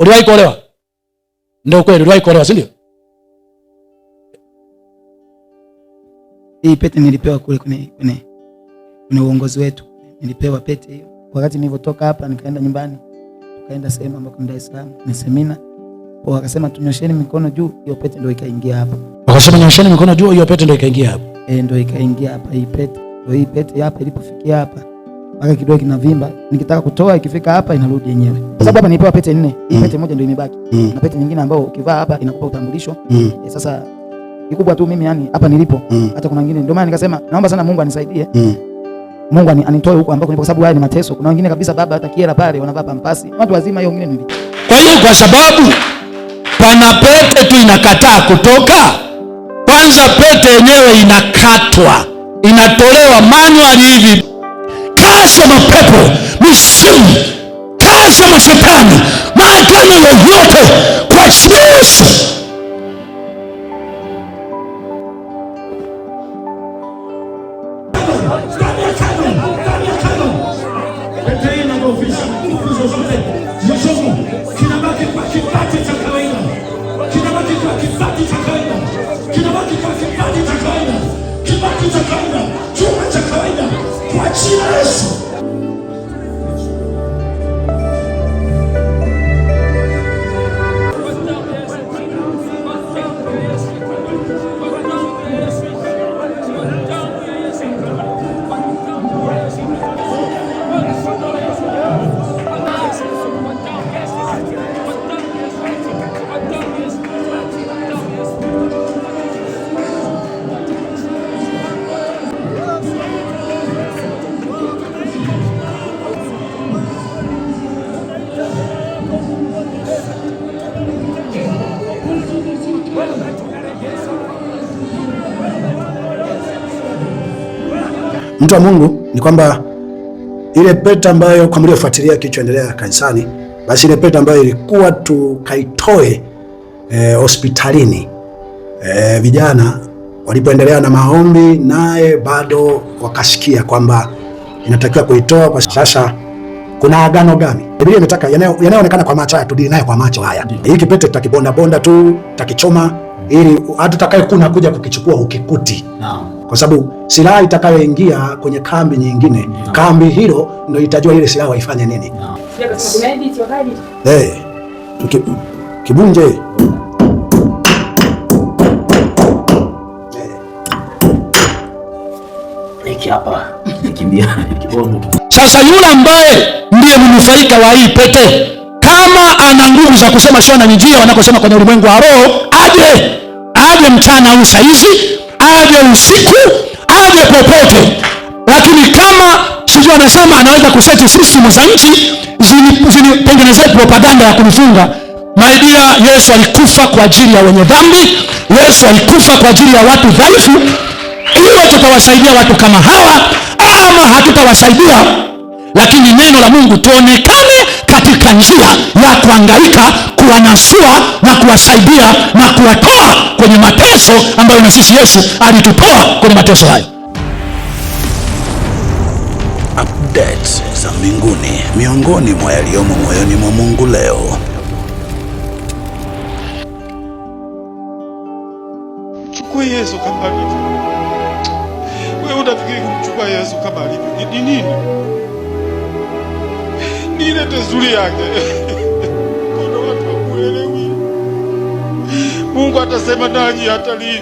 Uliwahi kuolewa? Ndio kweli, uliwahi kuolewa, si ndio? Hii pete nilipewa kule kwenye kwenye kwenye uongozi wetu, nilipewa pete hiyo wakati nilivyotoka hapa, nikaenda nyumbani, tukaenda sehemu ambako ni Dar es Salaam, ni semina. Wakasema tunyosheni mikono juu, hiyo pete ndio ikaingia hapa. Wakasema nyosheni mikono juu, hiyo pete ndio ikaingia hapa. Eh, ndio ikaingia hapa hii pete, ndio hii pete hapa ilipofikia hapa mpaka kidole kinavimba, nikitaka kutoa ikifika hapa inarudi yenyewe, kwa sababu hapa nipewa pete nne. Hii mm. pete moja ndio imebaki mm. na pete nyingine ambayo ukivaa hapa inakupa utambulisho. Mm. Eh, sasa kikubwa tu mimi yani hapa nilipo, hata kuna wengine, ndio maana nikasema naomba sana Mungu anisaidie, Mungu anitoe huko ambako nipo, kwa sababu haya ni mateso. Kuna wengine kabisa baba, hata kiera pale wanavaa pampasi, watu wazima. Hiyo wengine nilipo. kwa hiyo, kwa sababu pana pete tu inakataa kutoka. Kwanza pete yenyewe inakatwa, inatolewa manual hivi kazi ya mapepo, mizimu, kazi ya mashetani, maagano yoyote kwa Yesu Mtu wa Mungu ni kwamba ile pete ambayo kwa mliofuatilia kilichoendelea kanisani, basi ile pete ambayo ilikuwa tukaitoe eh, hospitalini eh, vijana walipoendelea na maombi naye bado wakasikia kwamba inatakiwa kuitoa kwa sasa. Kuna agano gani? Biblia imetaka yanayoonekana kwa macho haya tudili naye kwa macho haya. Hii kipete tutakibonda bonda tu, tutakichoma ili hata utakayekuna kuja kukichukua ukikuti. Naam kwa sababu silaha itakayoingia kwenye kambi nyingine no. kambi hilo ndio itajua ile silaha waifanye nini no. hey, eh, kibunje eh. Sasa yule ambaye ndiye mnufaika wa hii pete kama ana nguvu za kusema shona, ni njia wanakosema kwenye ulimwengu wa roho, aje aje mchana au aje usiku, aje popote. Lakini kama sijui anasema anaweza kuseti sistemu za nchi zini, propaganda ya kumfunga maidia. Yesu alikufa kwa ajili ya wenye dhambi. Yesu alikufa kwa ajili ya watu dhaifu. Iwe tutawasaidia watu kama hawa ama hatutawasaidia, lakini neno la Mungu tuonekane katika njia ya kuangaika kuwanasua na kuwasaidia na kuwatoa kwenye mateso ambayo na sisi Yesu alitutoa kwenye mateso hayo. za mbinguni, miongoni mwa yaliyomo moyoni mwa Mungu leo. Chukua Yesu kama alivyo. Wewe unafikiri kumchukua Yesu kama alivyo ni nini? ile tezuri yake kono watu wakuelewi. Mungu atasema nanyi hata lini,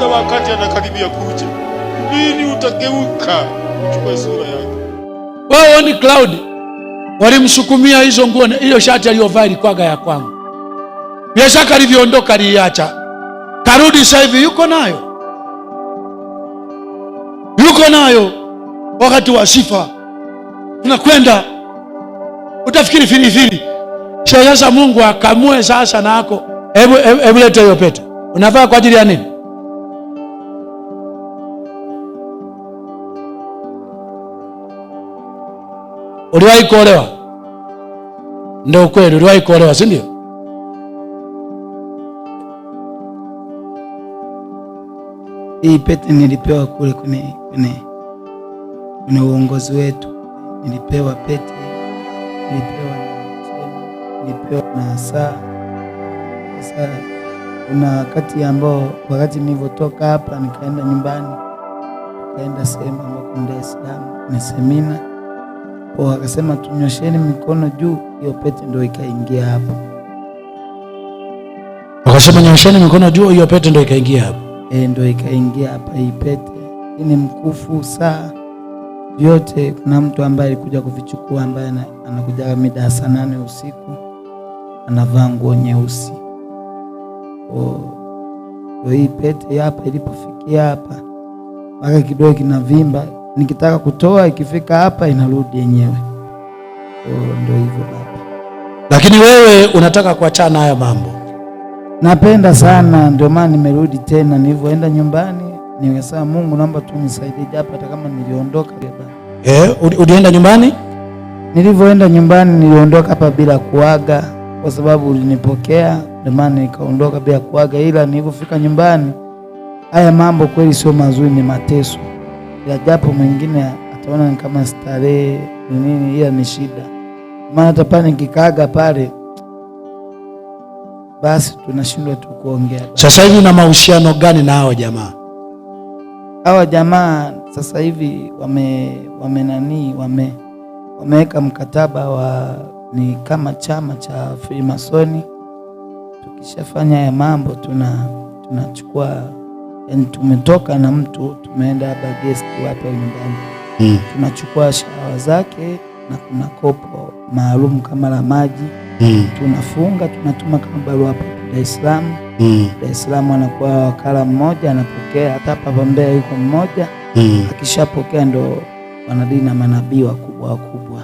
na wakati anakaribia kuja, lini utageuka uchukue sura yake? Wao ni Cloud walimsukumia hizo nguo, hiyo shati aliyovaa ilikwaga ya kwangu. Bila shaka alivyoondoka aliiacha, karudi sasa hivi yuko nayo, yuko nayo wakati wa sifa tunakwenda utafikiri filifili. Sio sasa Mungu akamue sasa nako. Hebu hebu leta hiyo pete. Unavaa kwa ajili ya nini? Uliwahi kuolewa? Ndio kweli, uliwahi kuolewa, si ndio? Hii pete nilipewa kule kwenye kwenye uongozi wetu, nilipewa pete nilipewa na cheni, nilipewa na saa. Sasa kuna wakati ambao, wakati nilivyotoka hapa nikaenda nyumbani, nikaenda sehemu ambako Dar es Salaam na semina, wakasema tunyosheni mikono juu, hiyo pete ndio ikaingia hapo. Wakasema nyosheni mikono juu, hiyo pete ndio ikaingia hapo. Eh, ndio ikaingia hapa hii pete. Hii ni mkufu saa vyote. Kuna mtu ambaye alikuja kuvichukua ambaye anakuja mida ya saa nane usiku anavaa nguo nyeusi. Hii pete hapa ilipofikia hapa mpaka kidogo kinavimba, nikitaka kutoa, ikifika hapa inarudi yenyewe. ndo hivyo baba. Lakini wewe unataka kuachana haya mambo? Napenda sana, ndio maana nimerudi tena. Nilivyoenda nyumbani Nimesema Mungu, naomba tu nisaidie japo hata kama niliondoka. Eh, ulienda nyumbani? Nilivyoenda nyumbani niliondoka hapa bila kuaga, kwa sababu ulinipokea, ndio maana nikaondoka bila kuaga, ila nilipofika nyumbani, haya mambo kweli sio mazuri, ni mateso ya japo mwingine ataona ni kama starehe ni nini, ila ni shida. Maana hata pale nikikaaga pale basi tunashindwa tu kuongea. Sasa hivi na mahusiano gani na hao jamaa? hawa jamaa sasa hivi wame nani wame wameweka mkataba wa ni kama chama cha Freemasoni. Tukishafanya ya mambo tuna tunachukua yani, tumetoka na mtu tumeenda hapa guest wapi nyumbani mm. tunachukua shawa zake na kuna kopo maalum kama la maji mm. tunafunga tunatuma kama barua Dar es Salaam mm. Dar es Salaam anakuwa wakala mmoja anapokea, hata hapa Mbeya yuko mmoja mm. akishapokea ndo wanadini na manabii wakubwa wakubwa.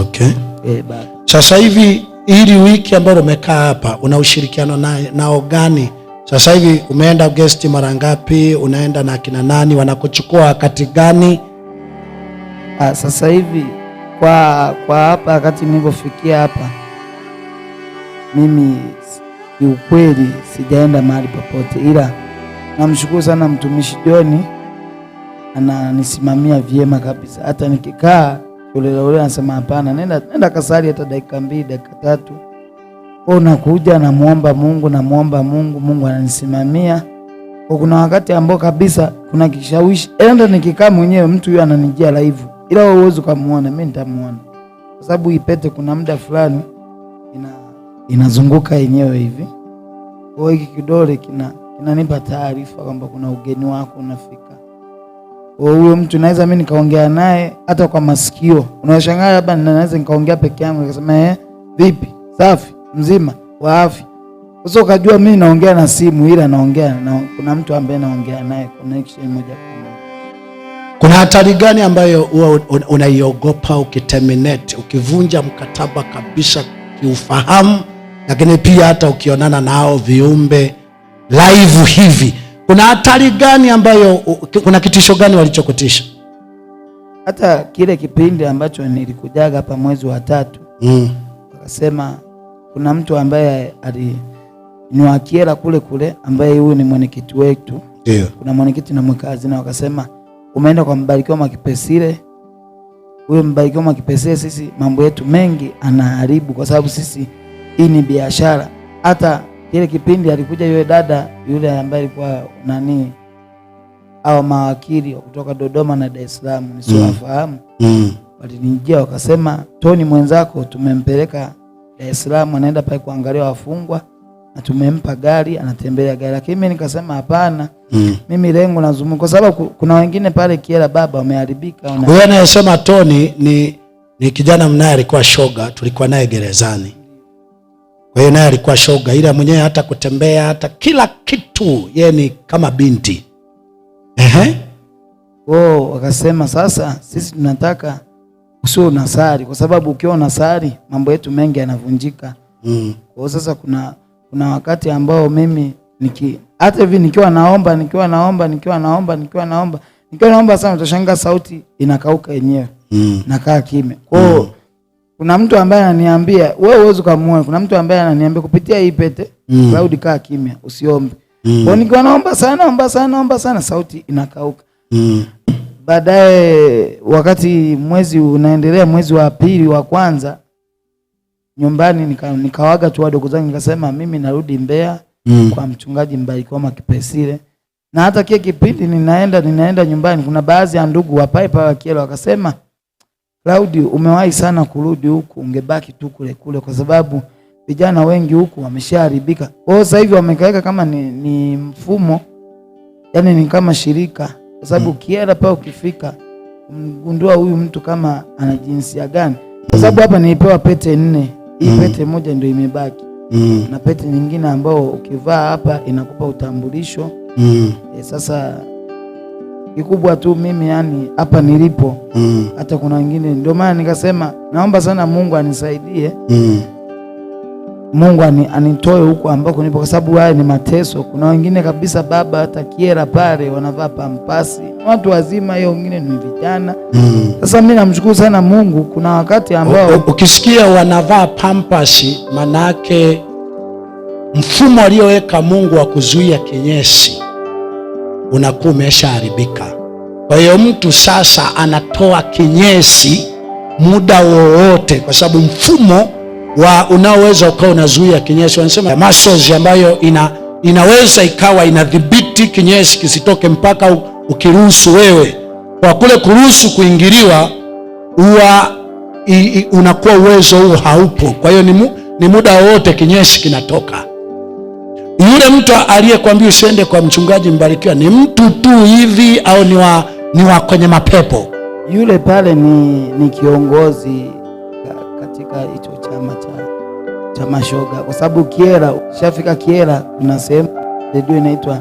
Okay. E, eh, baba sasa hivi hili wiki ambayo umekaa hapa una ushirikiano nao gani? Sasa hivi umeenda guest mara ngapi? Unaenda na kina nani? Wanakuchukua wakati gani? Ah, sasa hivi kwa kwa hapa wakati nilivyofikia hapa mimi kiukweli sijaenda mahali popote, ila namshukuru sana mtumishi Joni ananisimamia vyema kabisa. Hata nikikaa ulelaule anasema hapana, nenda nenda kasali hata dakika mbili dakika tatu kwa nakuja, namwomba Mungu, namwomba Mungu, Mungu ananisimamia kwa. Kuna wakati ambao kabisa kuna kishawishi, enda nikikaa mwenyewe mtu huyo ananijia live, ila wewe uweze kumuona, mimi nitamuona kwa sababu ipete, kuna muda fulani inazunguka yenyewe hivi. Kwa hiki kidole kina kinanipa taarifa kwamba kuna ugeni wako unafika. Kwa huyo mtu naweza mimi nikaongea naye hata kwa masikio. Unashangaa hapa, naweza nikaongea peke yangu nikasema, eh, vipi? Safi, mzima, wa afya. Sasa ukajua mimi naongea na simu, ila naongea na kuna mtu ambaye naongea naye connection moja kwa moja. Kuna hatari gani ambayo huwa unaiogopa ukiterminate, ukivunja mkataba kabisa kiufahamu lakini pia hata ukionana nao viumbe live hivi, kuna hatari gani ambayo, kuna kitisho gani walichokutisha? Hata kile kipindi ambacho nilikujaga hapa mwezi wa tatu mm. kuna mtu ambaye aliniwakia kule kule, ambaye huyu ni mwenyekiti wetu yeah. kuna mwenyekiti na mweka na wakasema umeenda kwa Mbarikiwa Mwakipesile. Huyo Mbarikiwa Mwakipesile, sisi mambo yetu mengi anaharibu, kwa sababu sisi hii ni biashara. Hata kile kipindi alikuja yule dada yule ambaye alikuwa nani au mawakili kutoka Dodoma na Dar es Salaam nisiwafahamu, mm. mm. walinijia wakasema, Toni mwenzako tumempeleka Dar es Salaam, anaenda pale kuangalia wafungwa na tumempa gari, anatembelea gari. Lakini mimi nikasema hapana, mm. mimi lengo nazungumza, kwa sababu kuna wengine pale Kiela baba wameharibika. Huyo anayesema Toni ni, ni kijana mnaye alikuwa shoga, tulikuwa naye gerezani kwa hiyo naye alikuwa shoga, ila mwenyewe hata kutembea hata kila kitu yeye ni kama binti. Ehe. Oh, wakasema sasa sisi tunataka usio unasari, kwa sababu ukiwa unasari mambo yetu mengi yanavunjika. Mm. Kwa sasa kuna kuna wakati ambao mimi niki hata hivi nikiwa naomba nikiwa naomba nikiwa naomba nikiwa naomba nikiwa naomba sana, utashangaa sauti inakauka yenyewe. Mm. Nakaa kimya. Kwa hiyo mm. Kuna mtu ambaye ananiambia wewe uweze kumuona. Kuna mtu ambaye ananiambia kupitia hii pete, mm. Cloud kaa kimya, usiombe. Mm. Kwa nikiwa naomba sana, naomba sana, naomba sana sauti inakauka. Mm. Baadaye wakati mwezi unaendelea, mwezi wa pili wa kwanza nyumbani nika, nikawaga tu wadogo zangu nikasema mimi narudi Mbeya mm. kwa mchungaji Mbalikoma Kipesile. Na hata kile kipindi ninaenda ninaenda nyumbani, kuna baadhi ya ndugu wa Piper wa Kielo wakasema Claudi, umewahi sana kurudi huku, ungebaki tu kule kule, kwa sababu vijana wengi huku wameshaharibika. Kwa hiyo sasa hivi wamekaeka kama ni, ni mfumo yani ni kama shirika, kwa sababu hmm. Kiera pa ukifika mgundua huyu mtu kama ana jinsia gani, kwa sababu hapa nilipewa pete nne, hii hmm. pete moja ndio imebaki hmm. na pete nyingine ambayo ukivaa hapa inakupa utambulisho. E, sasa kikubwa tu mimi yani hapa nilipo mm. hata kuna wengine, ndio maana nikasema naomba sana Mungu anisaidie mm. Mungu ani, anitoe huko ambako nipo, kwa sababu haya ni mateso. Kuna wengine kabisa baba, hata kiera pale wanavaa pampasi, watu wazima, hiyo wengine ni vijana mm. Sasa mimi namshukuru sana Mungu, kuna wakati ambao ukisikia wanavaa pampasi, manake mfumo alioweka Mungu wa kuzuia kinyesi unakuwa umeshaharibika. Kwa hiyo mtu sasa anatoa kinyesi muda wowote, kwa sababu mfumo wa unaoweza ukawa unazuia kinyesi wanasema muscles, ambayo ina, inaweza ikawa inadhibiti kinyesi kisitoke mpaka ukiruhusu wewe. Kwa kule kuruhusu kuingiliwa, huwa unakuwa uwezo huo haupo. Kwa hiyo ni, mu, ni muda wowote kinyesi kinatoka. Yule mtu aliyekwambia usiende kwa mchungaji Mbarikiwa ni mtu tu hivi au ni wa, ni wa kwenye mapepo? Yule pale ni, ni kiongozi katika hicho chama cha, cha mashoga, kwa sababu Kiera ushafika Kiera, kuna sehemu redio inaitwa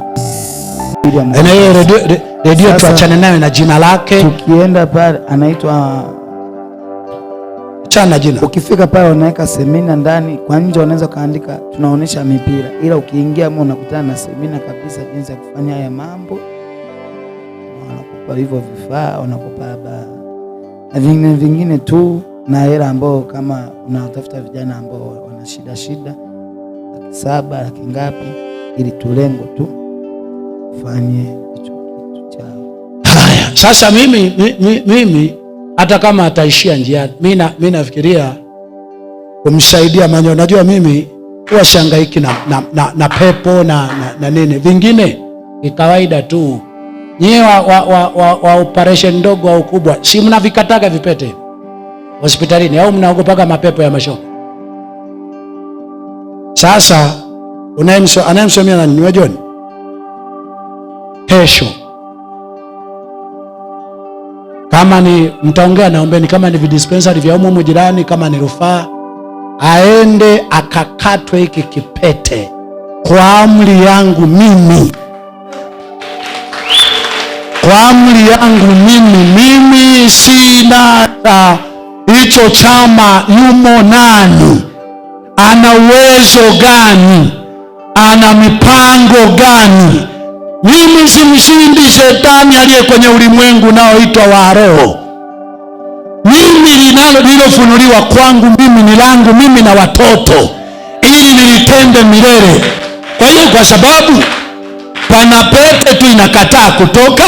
redio, tuachane nayo na jina lake. Tukienda pale anaitwa chana jina. Ukifika pale wanaweka semina ndani, kwa nje wanaweza kaandika tunaonesha mipira, ila ukiingia mwa unakutana na semina kabisa, jinsi ya kufanya haya mambo, wanakupa hivyo vifaa, wanakupa ba na vingine vingine tu na hela ambao kama unatafuta vijana ambao wana shida shida, laki saba laki ngapi, ili tulengo tu fanye hicho kitu chao. Haya sasa, mimi mimi, mimi hata kama ataishia njiani. Mi nafikiria kumsaidia manyo. unajua mimi huwa shangaiki na, na, na, na pepo na, na, na nini vingine, ni kawaida tu. Nyie wa, wa, wa, wa, wa operation ndogo au kubwa, si mnavikataga vipete hospitalini au mnaogopaga mapepo ya mashoka? Sasa anayemsomea nani? Ni John. Kesho kama ni mtaongea, naombeni. Kama ni vidispensari vya umu jirani, kama ni rufaa, aende akakatwe hiki kipete kwa amri yangu mimi, kwa amri yangu mimi. Mimi sina hicho chama. Yumo nani? Ana uwezo gani? Ana mipango gani? Mimi simshindi shetani aliye kwenye ulimwengu unaoitwa wa roho. Oh. Mimi linalo lilofunuliwa kwangu mimi ni langu mimi na watoto, ili nilitende milele. Kwa hiyo, kwa sababu pana pete tu inakataa kutoka,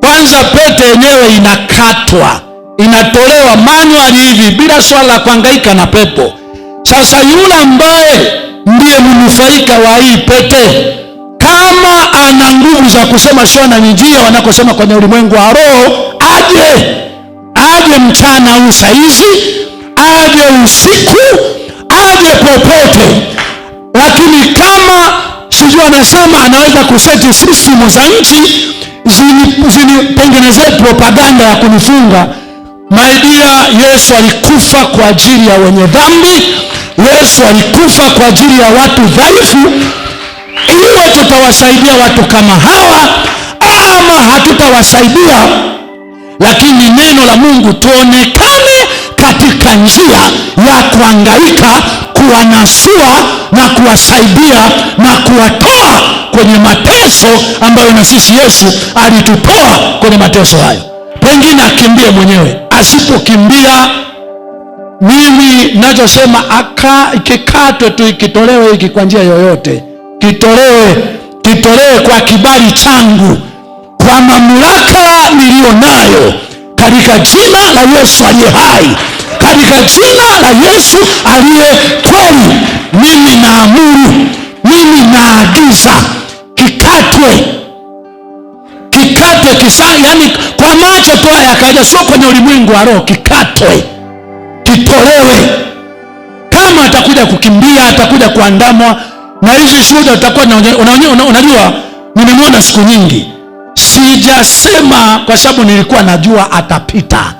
kwanza pete yenyewe inakatwa, inatolewa manuali hivi, bila swala la kuhangaika na pepo. Sasa yule ambaye ndiye mnufaika wa hii pete kama ana nguvu za kusema shona ni njia wanakosema kwenye ulimwengu wa roho, aje aje mchana huu saizi, aje usiku, aje popote. Lakini kama sijui anasema anaweza kuseti sistimu za nchi zinitengenezee zini propaganda ya kunifunga maidia. Yesu alikufa kwa ajili ya wenye dhambi. Yesu alikufa kwa ajili ya watu dhaifu iwe tutawasaidia watu kama hawa ama hatutawasaidia, lakini neno la Mungu tuonekane katika njia ya kuangaika, kuwanasua na kuwasaidia na kuwatoa kwenye mateso ambayo na sisi Yesu alitutoa kwenye mateso hayo. Pengine akimbie mwenyewe, asipokimbia mimi nachosema, ikikatwe tu, ikitolewe hiki kwa njia yoyote kitolewe, kitolewe kwa kibali changu, kwa mamlaka niliyo nayo, katika jina la Yesu aliye hai, katika jina la Yesu aliye kweli. Mimi naamuru, mimi naagiza kikatwe, kikatwe kisa, yani kwa macho tu aya kaja, sio kwenye ulimwengu wa roho, kikatwe, kitolewe. Kama atakuja kukimbia, atakuja kuandamwa na hizi shuhuda utakuwa unajua, nimemwona siku nyingi, sijasema kwa sababu nilikuwa najua atapita.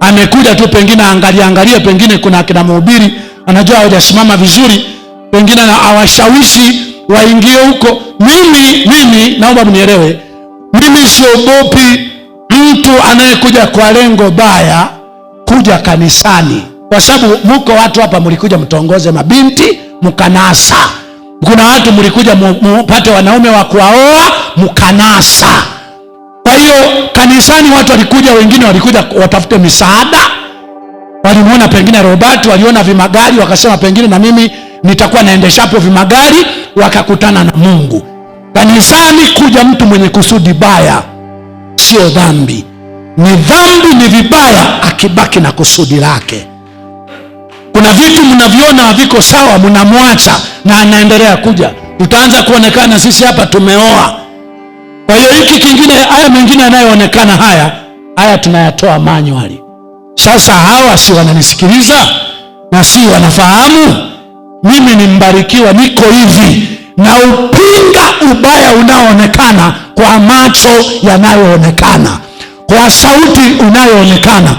Amekuja tu pengine angalia angalia, pengine kuna akina mhubiri anajua hawajasimama vizuri, pengine awashawishi waingie huko. Mimi mimi naomba mnielewe, mimi siogopi mtu anayekuja kwa lengo baya kuja kanisani, kwa sababu muko watu hapa mlikuja mtongoze mabinti mkanasa kuna watu mlikuja mpate wanaume wa kuwaoa mkanasa kwa hiyo kanisani watu walikuja wengine walikuja watafute misaada walimwona pengine robert waliona vimagari wakasema pengine na mimi nitakuwa naendeshapo vimagari wakakutana na mungu kanisani kuja mtu mwenye kusudi baya sio dhambi ni dhambi ni vibaya akibaki na kusudi lake kuna vitu mnaviona haviko sawa, mnamwacha na anaendelea kuja. Tutaanza kuonekana sisi hapa tumeoa. Kwa hiyo hiki kingine, haya mengine yanayoonekana haya haya tunayatoa manywali Sasa hawa si wananisikiliza na si wanafahamu mimi ni mbarikiwa, niko hivi na upinga ubaya unaoonekana kwa macho yanayoonekana, kwa sauti unayoonekana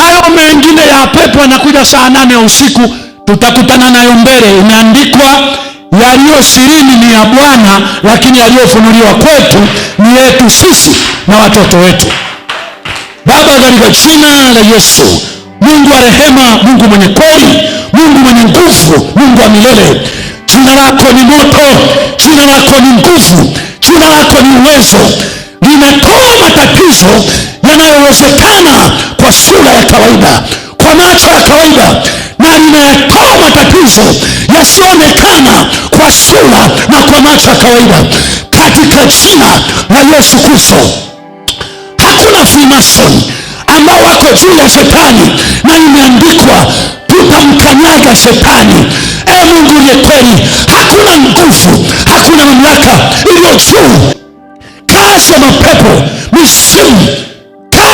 Hayo mengine ya pepo yanakuja saa nane ya usiku, tutakutana nayo mbele. Imeandikwa, yaliyo sirini ni ya Bwana, lakini yaliyofunuliwa kwetu ni yetu sisi na watoto wetu. Baba, katika jina la Yesu, Mungu wa rehema, Mungu mwenye kweli, Mungu mwenye nguvu, Mungu wa milele, jina lako ni moto, jina lako ni nguvu, jina lako ni uwezo, linatoa matatizo inayowezekana kwa sura ya kawaida, kwa macho ya kawaida, na linayatoa matatizo yasiyoonekana kwa sura na kwa macho ya kawaida, katika jina la Yesu Kristo. Hakuna fimason ambao wako juu ya shetani, na imeandikwa tutamkanyaga shetani. Ee Mungu uliye kweli, hakuna nguvu, hakuna mamlaka iliyo juu. Kazi ya mapepo misimu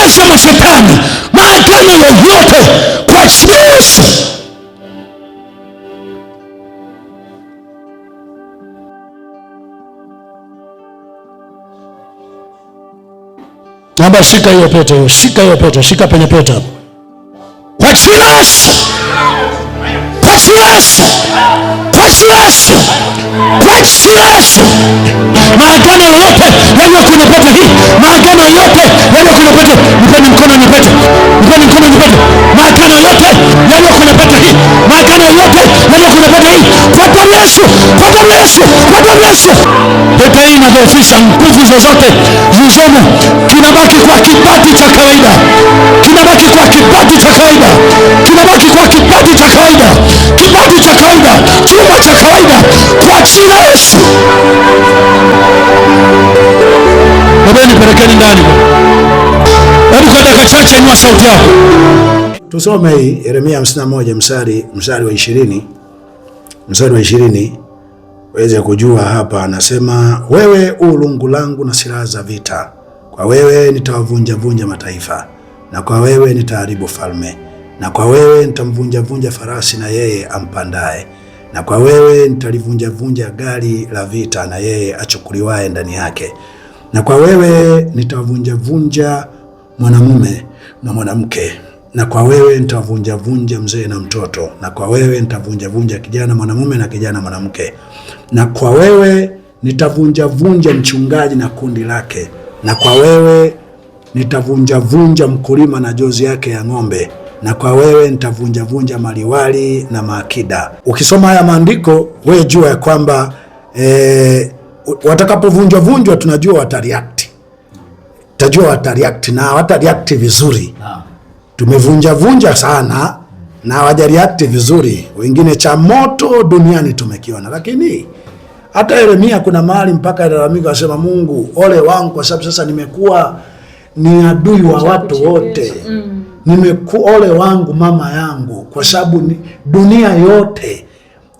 Yesu mshetani maadui yoyote kwa Yesu. Naomba shika hiyo pete hiyo, shika hiyo pete, shika penye pete Kwa Yesu. Kwa Yesu flesh, break flesh. Maagano yote yaliyo kwenye pete hii, maagano yote yaliyo kwenye pete, nipeni mkono nipete, nipeni mkono nipete. Maagano yote yaliyo kwenye pete hii, maagano yote yaliyo kwenye pete hii, kwa damu Yesu, kwa damu Yesu, kwa damu Yesu. Vita hii inadhoofisha nguvu zozote zilizomo, kinabaki kwa kibati cha kawaida, kinabaki kwa kibati cha kawaida, kinabaki kwa kibati cha kawaida, kibati cha kawaida, chuma cha kawaida, kwa jina la Yesu. Babeni, pelekeni ndani. Hebu kwa dakika chache inua sauti yako, tusome Yeremia 51 mstari mstari wa 20, mstari wa 20 weze kujua hapa. Anasema wewe u lungu langu na silaha za vita, kwa wewe nitawavunjavunja mataifa, na kwa wewe nitaharibu falme, na kwa wewe nitamvunjavunja farasi na yeye ampandaye, na kwa wewe nitalivunjavunja gari la vita na yeye achukuliwaye ndani yake, na kwa wewe nitawavunjavunja mwanamume na mwanamke na kwa wewe nitavunjavunja mzee na mtoto, na kwa wewe nitavunjavunja kijana mwanamume na kijana mwanamke, na kwa wewe nitavunjavunja mchungaji na kundi lake, na kwa wewe nitavunjavunja mkulima na jozi yake ya ng'ombe, na kwa wewe vunja maliwali na maakida. Ukisoma haya maandiko, wewe jua ya kwamba e, eh, watakapovunjwavunjwa tunajua watareact, tajua watareact na watareact vizuri na tumevunjavunja sana na wajariate vizuri, wengine cha moto duniani tumekiona, lakini hata Yeremia kuna mahali mpaka ilalamika asema, Mungu ole wangu, kwa sababu sasa nimekuwa ni adui wa watu wote nimeku ole wangu mama yangu, kwa sababu dunia yote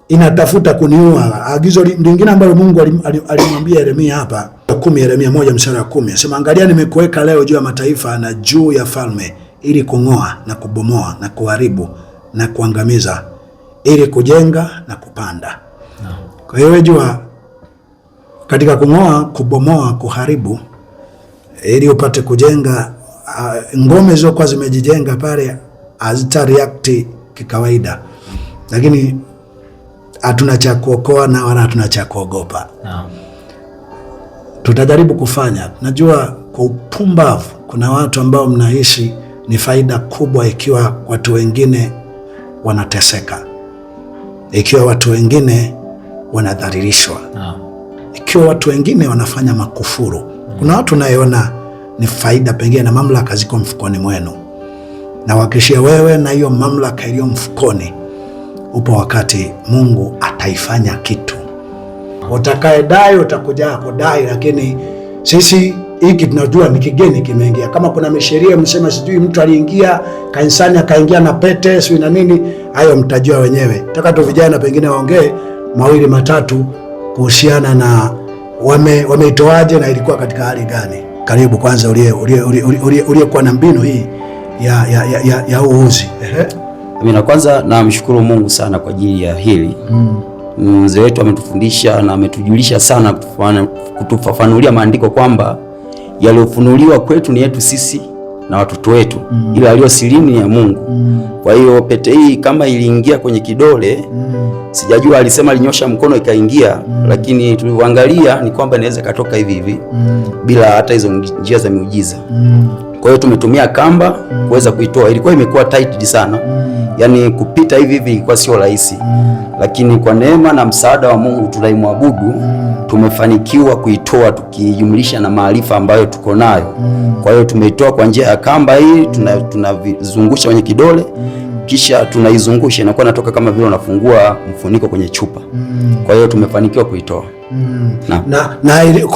inatafuta kuniua. Agizo lingine ambalo Mungu alimwambia Yeremia hapa kumi, Yeremia moja mstari wa kumi asema, angalia nimekuweka leo juu ya mataifa na juu ya falme ili kung'oa na kubomoa na kuharibu na kuangamiza ili kujenga na kupanda. Kwa hiyo jua katika kung'oa, kubomoa, kuharibu ili upate kujenga, ah, ngome zilizokuwa zimejijenga pale hazita react kikawaida, lakini hatuna cha kuokoa na wala hatuna cha kuogopa. Tutajaribu kufanya, najua kwa upumbavu kuna watu ambao mnaishi ni faida kubwa ikiwa watu wengine wanateseka, ikiwa watu wengine wanadhalilishwa, ikiwa watu wengine wanafanya makufuru. Kuna watu nayeona ni faida pengine, na mamlaka ziko mfukoni mwenu, na wakishia wewe na hiyo mamlaka iliyo mfukoni, upo wakati Mungu ataifanya kitu. Utakaedai utakuja kudai, lakini sisi hiki tunajua ni kigeni kimeingia. Kama kuna misheria msema sijui mtu aliingia kanisani akaingia na pete sijui na nini, hayo mtajua wenyewe. Nataka tu vijana pengine waongee mawili matatu kuhusiana na wame wameitoaje na ilikuwa katika hali gani. Karibu kwanza uliyekuwa na mbinu hii ya, ya, ya, ya, ya uuzi. na Kwanza namshukuru Mungu sana kwa ajili ya hili mm. Mzee wetu ametufundisha na ametujulisha sana kutufafanulia maandiko kwamba yaliyofunuliwa kwetu ni yetu sisi na watoto wetu mm. ila aliyo ni ya Mungu mm. Kwa hiyo pete hii kama iliingia kwenye kidole mm. sijajua, alisema alinyosha mkono ikaingia mm. lakini tulivyoangalia ni kwamba inaweza ikatoka hivi hivi mm. bila hata hizo njia za miujiza mm. Kwa hiyo tumetumia kamba mm. kuweza kuitoa. Ilikuwa imekuwa tight sana mm. yaani kupita hivi hivi ilikuwa sio rahisi mm. lakini kwa neema na msaada wa Mungu tunaimwabudu mm tumefanikiwa kuitoa tukijumlisha na maarifa ambayo tuko nayo mm. Kwa hiyo tumeitoa kwa njia ya kamba hii, tunavizungusha tuna kwenye kidole mm. kisha tunaizungusha inakuwa natoka kama vile unafungua mfuniko kwenye chupa mm. Kwa hiyo tumefanikiwa kuitoa mm. na, na, na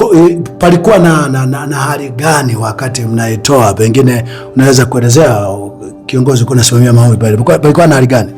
palikuwa na, na, na, na hali gani wakati mnaitoa? Pengine unaweza kuelezea, uh, kiongozi, unasimamia maombi pale, palikuwa na hali gani?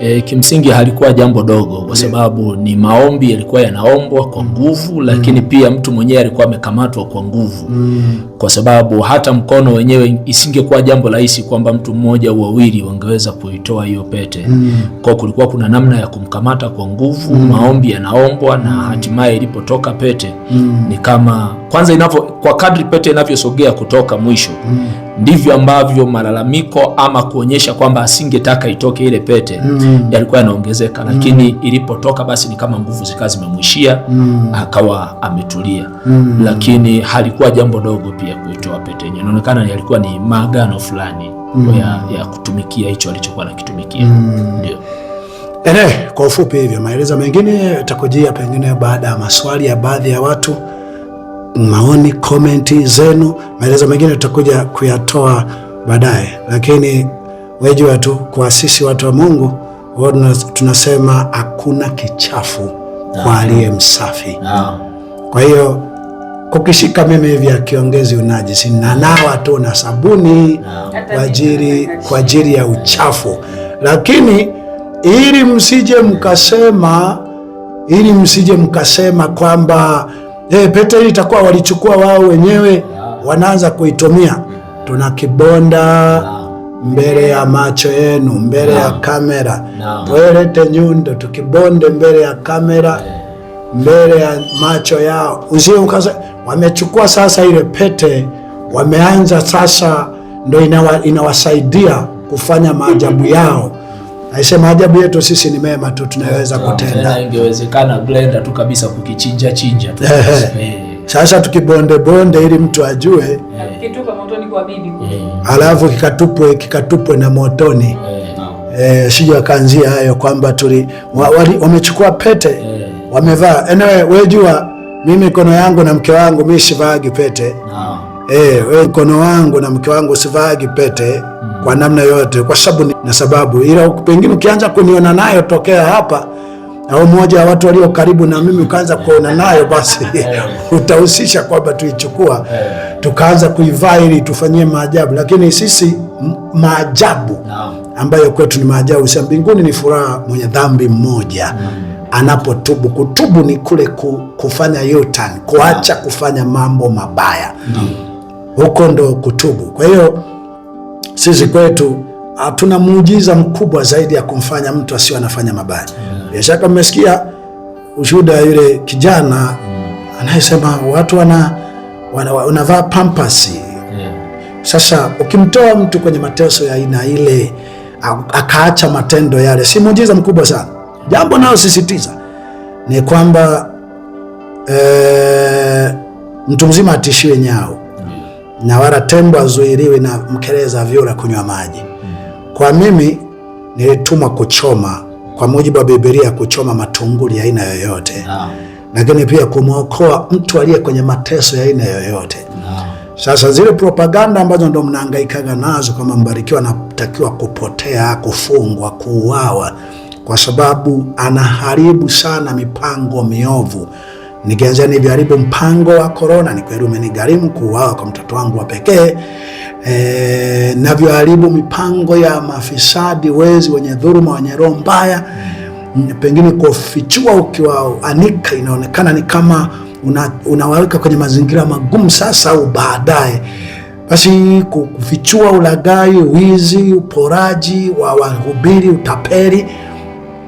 E, kimsingi halikuwa jambo dogo kwa sababu ni maombi yalikuwa yanaombwa kwa mm. nguvu, lakini mm. pia mtu mwenyewe alikuwa amekamatwa kwa nguvu mm. kwa sababu hata mkono wenyewe isingekuwa jambo rahisi kwamba mtu mmoja au wawili wangeweza kuitoa hiyo pete mm. kwa kulikuwa kuna namna ya kumkamata kwa nguvu mm. maombi yanaombwa na mm. hatimaye ilipotoka pete mm. ni kama kwanza inavyo, kwa kadri pete inavyosogea kutoka mwisho mm. ndivyo ambavyo malalamiko ama kuonyesha kwamba asingetaka itoke ile pete mm. yalikuwa yanaongezeka, mm. lakini ilipotoka basi ni kama nguvu zikawa zimemwishia mm. akawa ametulia mm. lakini halikuwa jambo dogo pia kuitoa pete yenyewe, inaonekana yalikuwa ni maagano fulani mm. ya, ya kutumikia hicho alichokuwa nakitumikia mm. ndio. Ene, kwa ufupi hivyo maelezo mengine takujia pengine baada ya maswali ya baadhi ya watu maoni, komenti zenu. Maelezo mengine tutakuja kuyatoa baadaye, lakini wejua tu kwa sisi watu wa Mungu tunasema hakuna kichafu kwa aliye msafi. Kwa hiyo kukishika mimi hivi akiongezi unajisi na nawa tu na sabuni kwa ajili ya uchafu, lakini ili msije mkasema, ili msije mkasema kwamba eh, pete hii itakuwa walichukua wao wenyewe, wanaanza kuitumia. Tuna kibonda mbele ya macho yenu, mbele ya kamera, tuelete nyundo, tukibonde mbele ya kamera, mbele ya macho yao, ukasa, wamechukua sasa ile pete, wameanza sasa, ndo inawa, inawasaidia kufanya maajabu yao Aisema ajabu yetu sisi ni mema tu tunaweza kutenda. Ingewezekana blender tu kabisa kukichinja chinja tu. Eh. Sasa tukibonde bonde ili mtu ajue, eh. kitupa motoni kwa bibi, eh. alafu kikatupwe kikatupwe na motoni eh, sije akaanzia hayo kwamba tuli wamechukua pete wamevaa. Enewe wewe mimi mikono yangu na mke wangu mimi sivaagi pete. Ah. Eh, wewe mkono wangu na mke wangu sivaagi pete kwa namna yoyote, kwa sababu na sababu, ila pengine ukianza kuniona nayo tokea hapa au mmoja wa watu walio karibu na mimi ukaanza kuona nayo, basi utahusisha kwamba tuichukua eh. tukaanza kuivaa ili tufanyie maajabu. Lakini sisi maajabu ambayo kwetu ni maajabu sa mbinguni ni furaha mwenye dhambi mmoja anapotubu. Kutubu ni kule ku, kufanya yutan, kuacha kufanya mambo mabaya, huko ndo kutubu. Kwa hiyo sisi kwetu hatuna muujiza mkubwa zaidi ya kumfanya mtu asiwe anafanya mabaya. Bila shaka mmesikia ushuhuda wa yule kijana mm. anayesema watu wanavaa wana, wana pampasi. Sasa ukimtoa mtu kwenye mateso ya aina ile akaacha matendo yale, si muujiza mkubwa sana? Jambo nayosisitiza ni kwamba e, mtu mzima atishiwe nyao na wala tembo azuiliwi na mkereza vyura kunywa maji. Kwa mimi nilitumwa kuchoma kwa mujibu wa Biblia, kuchoma matunguli ya aina yoyote, lakini pia kumwokoa mtu aliye kwenye mateso ya aina yoyote. Sasa zile propaganda ambazo ndo mnahangaikaga nazo kwamba Mbarikiwa anatakiwa kupotea, kufungwa, kuuawa, kwa sababu anaharibu sana mipango miovu nikianza nilivyoharibu mpango wa korona, ni kweli umenigharimu kuuawa kwa mtoto wangu wa pekee e, navyoharibu mipango ya mafisadi, wezi, wenye dhuluma, wenye roho mbaya, pengine kufichua ukiwaanika, inaonekana ni kama una, unawaweka kwenye mazingira magumu sasa au baadaye basi kufichua ulagai wizi, uporaji wa wahubiri, utapeli.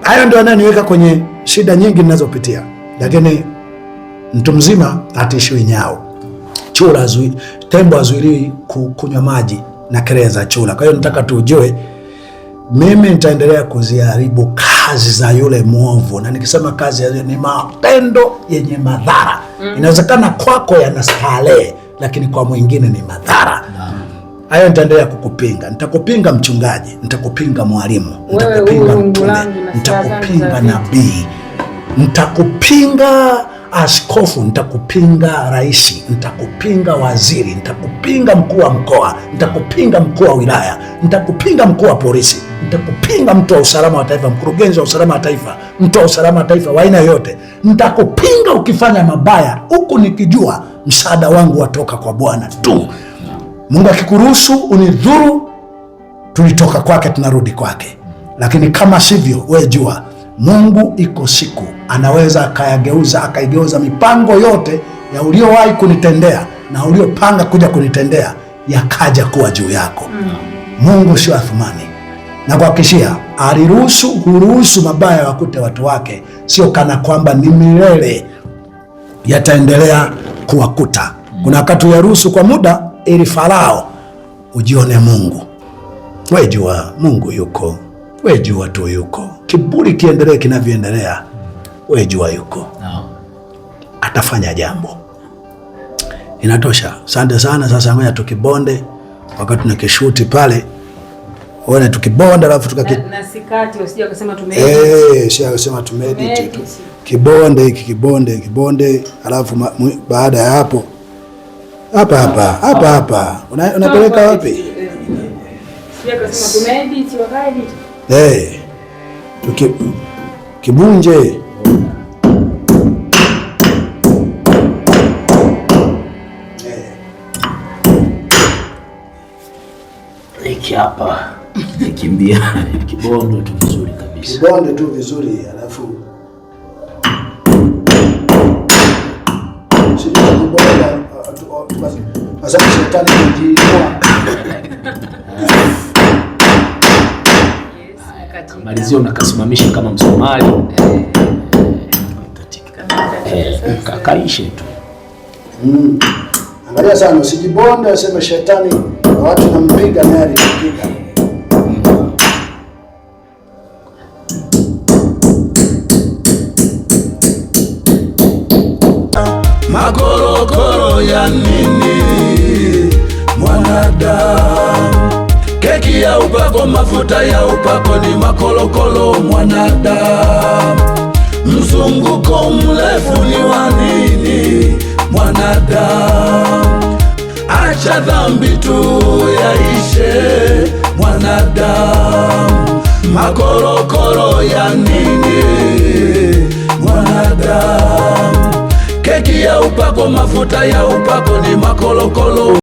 Hayo ndio yanayoniweka kwenye shida nyingi ninazopitia, lakini Mtu mzima atishiwi nyao. Chura zui, tembo azuiliwi kunywa maji na kelele za chura. Kwa hiyo nataka tujue, mimi nitaendelea kuziharibu kazi za yule mwovu, na nikisema kazi ya ni matendo yenye madhara mm. Inawezekana kwako yanastarehe, lakini kwa mwingine ni madhara mm. nitaendelea kukupinga, nitakupinga mchungaji, nitakupinga mwalimu, nitakupinga mtume, nitakupinga nabii, nitakupinga askofu, nitakupinga rais, nitakupinga waziri, nitakupinga mkuu wa mkoa, nitakupinga mkuu wa wilaya, nitakupinga mkuu wa polisi, nitakupinga mtu wa usalama wa taifa, mkurugenzi wa usalama wa taifa, mtu wa usalama wa taifa wa aina yote, nitakupinga ukifanya mabaya, huku nikijua msaada wangu watoka kwa Bwana tu. Mungu akikuruhusu unidhuru, tulitoka kwake, tunarudi kwake, lakini kama sivyo, wejua jua Mungu iko siku anaweza akayageuza akaigeuza mipango yote ya uliowahi kunitendea na uliopanga kuja kunitendea yakaja kuwa juu yako. mm. Mungu sio Athumani, na kuhakikishia aliruhusu, huruhusu mabaya wakute watu wake, sio kana kwamba ni milele yataendelea kuwakuta. Mm. Kuna wakati uyaruhusu kwa muda ili Farao ujione Mungu. Wejua Mungu yuko, wejua tu yuko kiburi kiendelee kinavyoendelea, wewe jua yuko no. atafanya jambo. Inatosha, asante sana. Sasa ngoja tukibonde wakati kishuti pale Uone tukibonde alafu tukasikati usije ukasema tumeedit. Eh, Kibonde hiki kibonde kibonde alafu baada ya hapo hapa hapa hapa hapa unapeleka wapi? Sio wakati. Eh kibunje iki hapa kikimbia kibondo tu vizuri kabisa, kibondo tu vizuri alafu ah, ah, ah, shetani malizia unakasimamisha kama Msomali kakaishe eh, tu. Mm. Angalia sana usijibonde, useme shetani na watu nampiga naye alipiga. Ah, magorogoro ya nini? ya upako, mafuta ya upako ni makolokolo mwanadamu. Mzunguko mrefu ni wa nini mwanadamu? Acha dhambi tu yaishe mwanadamu. Makorokoro ya nini mwanadamu? Keki ya upako, mafuta ya upako ni makolokolo